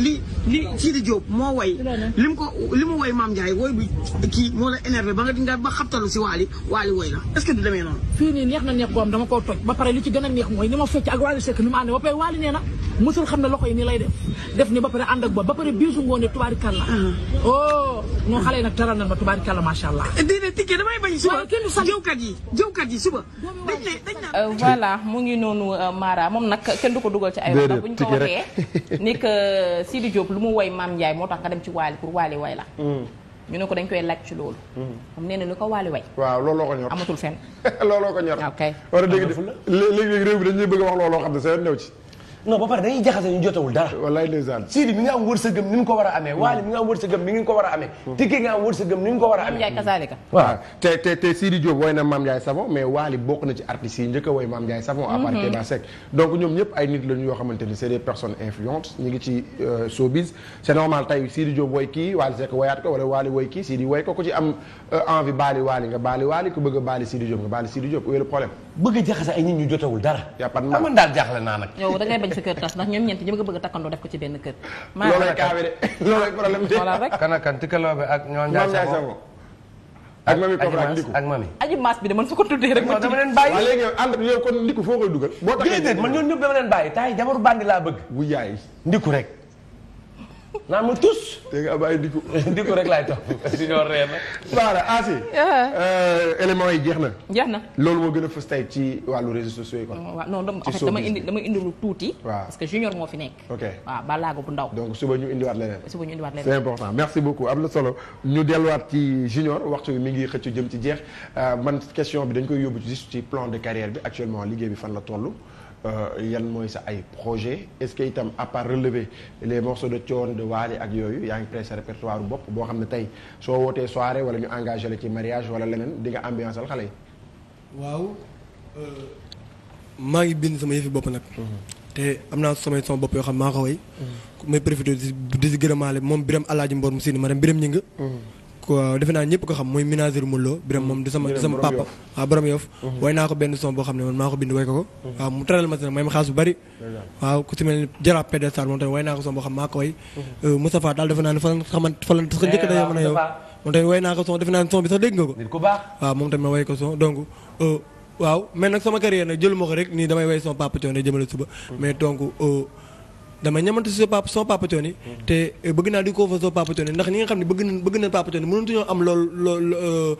G: li li Sidi Diop moo way. li mu ko li mu way Maam Ndiaye wooy bi kii moo la énervé ba nga dinga ba xabtalu si waali waali wooy la est-ce que du demee noonu. fii nii neex na neex boobu dama koo toj ba pare li ci gën a neex mooy ni ma fecc ak Wally Seck ni ma ànd ba pare Wally nee na mosul xam ne loxo yi nii lay def def ni ba pare ànd ak bon ba pare biisu ngoone tubaarikàlla ah. oh non xale yi nag taral nañ ma tubaarikàlla macha allah.
C: Eh, déedéet tikkee damay bañ suba jëwkat yi jëwkat yi na euh, voilà mu ngi noonu euh, Mara moom nag kenn du ko dugal ci ay ndax bu euh, lu mu woy Maam Ndiaye moo tax nga dem ci waali pour waali way la hmm. ñu ne ko dañ koy laaj ci loolu. xam hmm. nee na lu ko waali way. waaw looloo ko ñor amatul fenn. looloo ko ñor. ok
A: war a dégg léegi
B: léegi réew bi dañuy bëgg wax looloo xam ne sa yoon ñëw ci. non ba pare dañuy jaxase ñu jotewul dara wallaay ndeysaan Sidi mi nga am wërsëgëm ni mu ko war a amee mm. Waly mi nga am wërsëgëm mi ngi a mm. ni mu ko war
A: a amee Ndiaye kasaalika waaw ah, bokk na ci artistes yi njëkk a woy Mame Ndiaye Savon à part mm-hmm. Keba Seck donc ñoom ñëpp ay nit lañu yoo xamante ni c'est des personnes influentes ngi ci euh, showbiz c'est normal tey Sidi Diop woy kii Waly Seck woyaat ko wala Waly woy kii Sidi woy ko ku ci am euh, envie baali Waly nga baali Waly ku bëgg a baali Sidi Diop nga baali bëgg a jaxase ay nit ñu jotewul
B: dara. yaa pat ah, daal jaaxle naa nag.
C: yow da bañ sa kër tas ndax ñoom ñeent ñi nga bëgg a takkandoo def ko ci benn kër. maa ngi lay kaawe
B: de loolay problème bi. voilà rek kan ak kan Tikaloobe
C: ko tuddee rek. man dama leen bàyyi waaw léegi
B: boo taxee déedéet man ñoon ñëpp dama leen bàyyi jabaru bandi laa bëgg. wu yaay Ndiku rek naan ma tous. dégg nga Ablaye dikku. dikku rek laay topp di ñoo ree nag. Baara
A: Asi. Ah. Euh, yi jeex na. jeex na loolu moo gën a fës tey ci wàllu réseaux sociaux yi quoi. Mm,
C: waaw non en fait dama indi dama indi lu tuuti. waaw parce que junior moo fi nekk. ok waaw balaago bu ndaw.
A: donc suba ñu indiwaat leneen. suba ñu indiwaat leneen c'est important merci beaucoup am na solo ñu delluwaat ci junior waxtu bi mi ngi xëcc jëm ci jeex euh, man question bi dañ koy yóbbu juste ci plan de carrière bi actuellement liggéey fan la toll. Euh, yan mooy sa ay projet est-ce que itam à part waali ak yooyu yaa ngi créé sa répertoire bopp boo xam ne tey soo wootee soirée wala ñu engagé la ci mariage wala leneen di nga ambiance al xale yi.
E: waaw euh, maa ngi bind sama yëfi bopp nag. Mhm. te am naa samay sama bopp yoo xam maa ko way. Mhm. may profité di di si gërëmaale moom Birame Alaaji Mbor mu si ni ma dem ko defe naa ñëpp ko xam mooy ménager Modou Lo biram moom di sama di sama papa waaw ah, borom yof way naa ko benn son boo xam ne man maa ko bind way ko ko waaw mhm. ah, mu teral ma si nag bu bëri waaw ku si mel ni Jara Pédestal moom a moom tamit way mhm. euh, naa ko son defe naa ne bi sax dégg nga ko waaw moom tamit way ko son donc euh, waaw mais nag sama carrière nag jëluma ko rek nii damay way son papa Thione jëmale suba mhm. mais donc euh, damay ñamante si papa sama papa Thione mm-hmm. te eh, bëgg naa di ko fa sama papa Thione ndax ñi nga xam ne bëgg nañ bëgg nañ papa Thione mënatu ñoo am loolu loolu euh,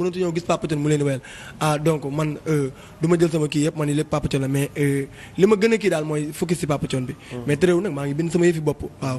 E: mënatu ñoo gis papa Thione mu leen wayal ah donc man euh, du jël sama kii yëpp man ni lépp papa Thione la mais euh, li ma gën a kii daal mooy focus si papa Thione bi mm-hmm. mais teréew nag maa ngi bind sama yëfi bopp waaw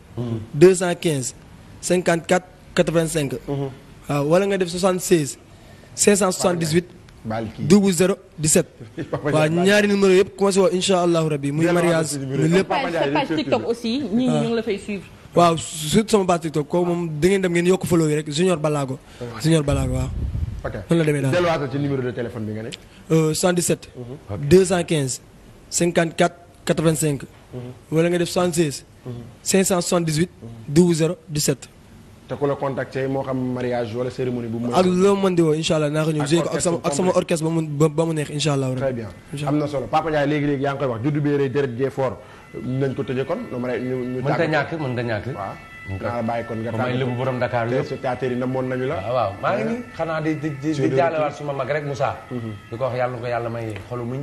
E: deux cent quinze cinquante quatre quatre vingt cinq waaw mhm. ah, wala nga def soixante seize cinq cent soixante dix huit double zéro dix sept waaw ñaari numéro yëpp commencé woo insha allahu rabbi muy mariage muy yokk follow yi rek junior balago junior balago waaw ok noonu la demee daal
A: delluwaatal ci numéro de téléphone bi nga ne.
E: 77. Euh, 215 578.
A: 12 017. te ku la contacté moo xam mariage wala cérémonie bu mu. ak loo mën di woo incha allah naa ko ñëw jéego ak sama ak sama orchestre ba mu ba mu neex incha allah. très bien am na solo Papa Ndiaye léegi léegi yaa ngi koy wax juddu bee rëy deret jee fort nañ ko tëjee kon. mën ta ñàkk
B: mën ta ñàkk waaw. naa la bàyyi kon nga tàggatoo lébu borom Dakar yëpp waaw maa ngi xanaa di di
A: di di
B: suma mag rek Moussa. Mhm. di ko wax yàlla na ko yàlla may xolu muñ.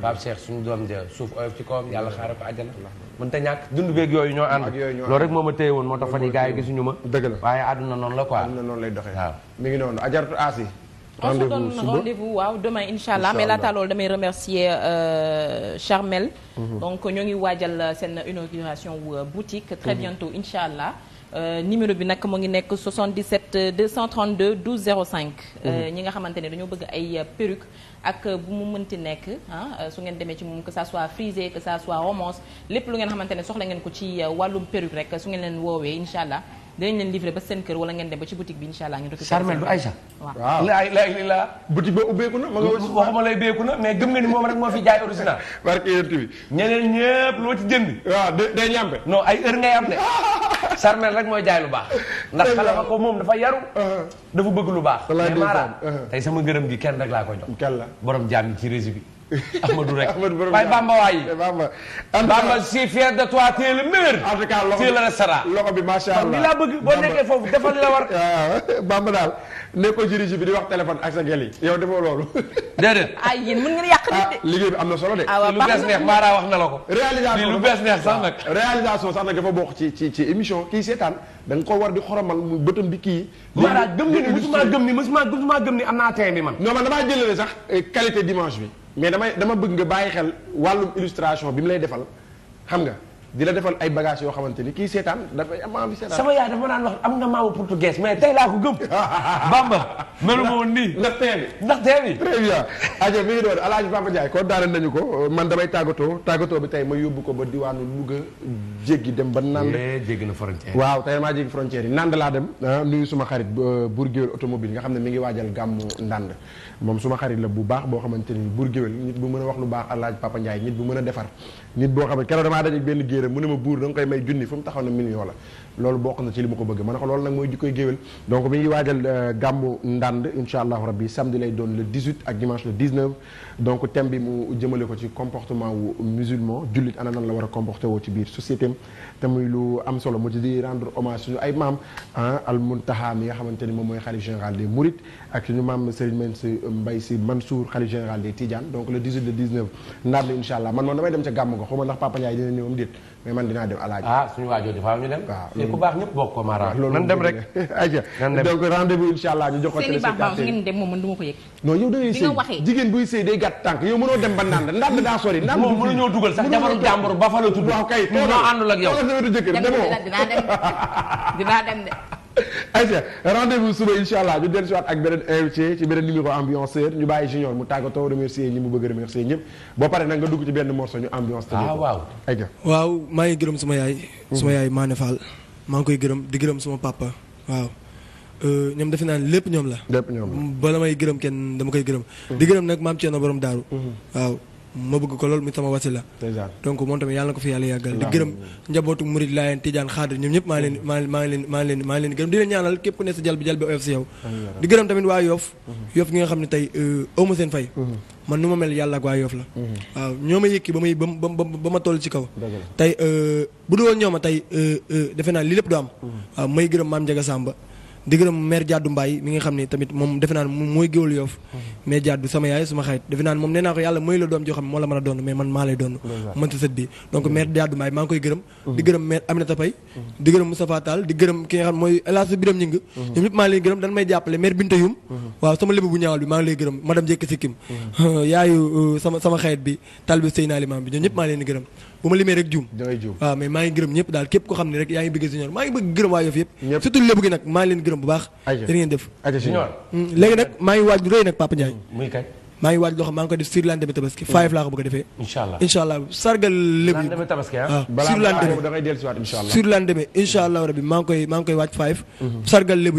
B: Pape Cheikh suñu doom ja suuf oyof ci kawam yàlla xaare ko àjjana. mën ta ñàkk dund beeg yooyu ñoo ànd. loolu rek moo ma téye woon moo tax fan yi gars yi gisuñu ma. la waaye àdduna noonu la quoi. àdduna waaw
C: on se donne waaw demain incha allah mais laata loolu damay remercier euh, Charmel. Mhm. donc ñoo ngi waajal euh, seen inauguration wu euh, boutique. très mhm. bientôt incha allah. numéro bi nag mu ngi nekk 77 232 12 05. ñi nga xamante ne dañoo bëgg ay perruque ak bu mu mënti nekk ah su ngeen demee ci moom que ça soit frisé que ça soit romance lépp lu ngeen xamante ne soxla ngeen ko ci wàllum perruque rek su ngeen leen woowee incha allah. dinañ leen livré ba seen kër wala ngeen dem ba ci boutique bi incha allah ngeen récupéré Charmel du Aïcha waaw
B: la ba ubbeeku na ma nga waxuma lay beeku na mais gëm nga ni moom rek moo fi jaay original barke yéen bi ñeneen ñëpp loo ci jënd waaw day ñampe non ay heure ngay am de Charmel rek mooy jaay lu baax ndax xale ba ko moom dafa yaru uh-huh. dafa bëgg lu baax mais maanaam uh-huh. tey sama gërëm gi kenn rek laa ko jox borom jaam ci rési bi Amadou rek waaye Bamba waay. Eh, Bamba Bamba si fier de toi tu es le
A: loxo bi macha allah laa bëgg boo nekkee foofu defal la war. waaw ah, Bamba daal nekkoo jërëjëf bi di wax téléphone ak sa yi yow defoo loolu. déedéet
C: ay yéen mën ngeen yàq nit de. Ah, liggéey
A: bi am na solo de. Ah, lu bees neex wax na la ko. réalisation lu sax nag. réalisation sax nag dafa bokk ci ci ci émission kii seetaan da nga koo war di xoromal mu bëtam bi kii. Mara gëm ni musuma gëm ni musuma gëm ni am naa tey bi man. non man damaa jëlale sax eh, qualité dimanche bi mais damay dama bëgg nga bàyyi xel wàllum illustration bi mu lay defal xam nga di la defal ay bagages yoo xamante ni kii seetaan dafay am envie seetaan.
B: sama yaay dafa ma naan wax am nga maamu portugais mais tey laa ko gëm. bamba melu ma woon nii. ndax tey bi ndax tey bi. très bien. ajo mi ngi doon El Hadj Papa kon daane nañu ko man damay
A: tàggatoo tàggatoo bi tey ma yóbbu ko ba diwaanu Louga jéggi dem ba. Nand
B: jéggi na frontière waaw
A: tey maa jéggi frontière yi Nand laa dem. Ah, nuyu suma xarit euh, Bour Gueweul automobile nga xam ne mi ngi waajal gàmmu Ndand. moom suma xarit la bu baax boo xamante ni buur géwél nit bu mën a wax lu baax alaaj Papa Ndiaye nit bu mën a defar nit boo xam ne keroog damaa daje benn géeram mu ne ma buur da nga koy may junni fu mu taxaw ne million la loolu bokk na ci li ma ko bëgg ma ne ko loolu nag mooy jikkoy géwél donc euh, bi mu jëmale ko ci comportement wu musulman jullit ana nan la war a comporté woo ci biir société am te muy lu mu ci di rendre hommage suñu ay maam mi nga xamante ni moom mooy xalif général des mourides ak suñu maam Serigne Mansour Mbaye Sy Mansour xalif général des Tidiane donc le ndànd incha allah man moom damay dem ca gàmmu xaw ma ndax Papa Ndiaye dina ñëw am déet mais man dinaa dem alaaji. ah suñu waajoo dafa
B: ñu dem. waaw ku baax ñëpp bokk ko mara. dem
C: moom man du ko yëg.
A: non yow da sëy jigéen buy sëy day gàtt tànk yow mënoo dem ba naan ndànd daa sori. naan moom mënuñoo dugal sax jabaru jàmbur ba fa la tudd. waaw kay teewul mënoo àndul ak yow. dinaa dem de Aïcha rendez-vous suba incha ñu dellu ak beneen invité ci beneen numéro ambianceur ñu bàyyi junior mu tàggatoo remercier ñi mu bëgg remercier ñëpp boo paree nag nga dugg ci benn morceau ñu ambiance. ah waaw waaw maa ngi gërëm suma yaay.
E: Mhm. suma yaay maa Fall maa ngi koy gërëm di gërëm suma papa waaw. Euh, ñoom defe naa ne lépp ñoom la. lépp ñoom la bala may gërëm kenn dama koy gërëm. Mhm. di gërëm nag maam Thierno borom daaru mhm. waaw ma bëgg ko loolu mu sama wasila donc moo tamit yàlla na ko fi yàlla yàggal di gërëm njabootu murid laayeen tijaan xaadir ñoom ñëpp maa ngi leen maa ngi maa ngi leen maa ngi leen maa gërëm di leen ñaanal képp ku ne sa jal bi si yow di gërëm tamit waa yoof mhm. yoof nga xam ne tey awma seen fay man nu ma mel yàlla ak waa yoof la mhm. waaw ñoo ma yëkki ba may ba ba ma toll ci kaw tey euh, bu dul woon ñoom euh, euh, defe naa li lépp du am mhm. waaw may gërëm maam Njaga sàmba di gërëm maire Diadou Mbaye mi nga xam ni tamit moom defe naa ne mooy géwal Yoff mhm. mais Diadou sama yaay suma xarit defe naa ne moom nee naa ko yàlla mooy la doom joo a man maa lay bi donc mhm. maire Diadou Mbaye maa ngi koy gërëm mhm. di gërëm maire Aminata Paye di gërëm Moustapha Tall di gërëm ki nga xam mooy El Hadj Birame Ngingue ñoom ñëpp maa leen gërëm dañ may jàppale maire Binta Youm waaw sama lébu bu ñaawal bi maa ngi lay gërëm madame Jekk Sikkim yaayu euh, sama sama bu ma limee rek juum waaw mais maa ngi ñëpp daal képp ko xam ne rek yaa ngi bëgg Junior maa ngi bëgg gërëm waa Yoff yëpp surtout lébu gi nag maa ngi leen gërëm bu baax da ngeen def mm, léegi nag maa ngi waaj lu rëy Papa Ndiaye maa ngi waaj loo xam maa ngi ko def sur lendemain tabaski mm. five laa ko bëgg a defee incha allah sargal lépp ah? ah, mm-hmm.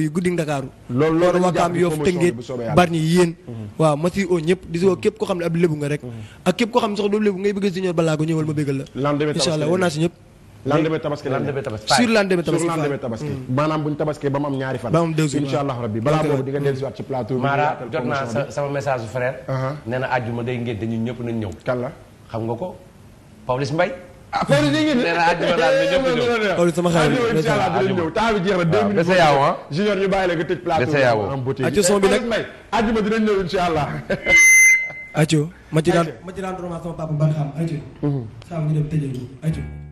E: yi guddi ndakaaru loolu wakaam yoof tëngeet barñi yéen mm-hmm. waaw ma si oo ñëpp di si oo mm-hmm. képp ko xam ne ab lébu nga rek ak képp ko xam ne sax doo lébu ngay bëgg junior
A: balaa ko ñëwal ma béggal la incha allah war si ñëpp lendemain tabaski lendemain tabaski sur lendemain tabaski sur lendemain tabaski mm. maanaam buñ tabaskee ba mu am ñaari fan ba mu am deux insha allah rabbi balaa boobu di nga dellusiwaat ci plateau maara jot naa
B: sama message su frère uh-huh. nee na àjjuma day ngeen dañu ñëpp nañ ñëw kan la xam nga ko Pawlish Mbaye affaire ah, yi ngeen nee sama xarit bi insha allah dinañ ñëw temps bi jeex na deux minutes yaaw ah. junior ñu bàyyi la nga tëj plateau en beauté bi nag
A: àjjuma dinañ ñëw allah
E: accu ma ci daan ma ci daan sama papa ba xam accu mm-hmm. saa ñu